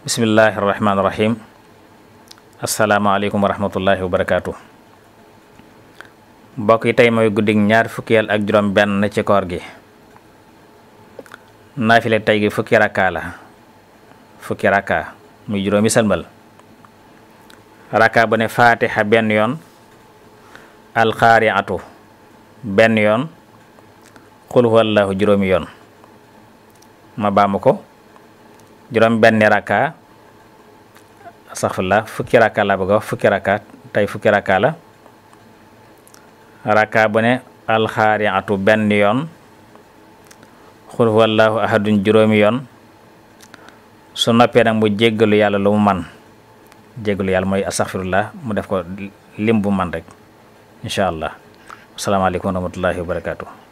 bismillahi irrahmaani irrahim asalaamaaleykum wa barakaatu mbokk yi tey mooy guddig ñaar fukkiyal ak juróom benn ci koor gi naafile tey gi fukki rakkaa la fukki rakkaa muy juróomi salmal rakkaa bu ne faatixa benn yoon alxaariatu benn yoon xul huwallaahu juróomi yoon ma baamu ko juróom benni rakka astaghfirullah fukki rakka laa bëgg a fukki rakka tey fukki rakka la rakka bu ne alxaariatu benn yoon xul huwallaahu ahadun juróomi yoon su noppee nag mu jéggalu yàlla lu mu man jéggalu yàlla mooy astaghfirullah mu def ko lim bu man rek incha allah asalaamaaleykum wa rahmatullahi wa barakaatu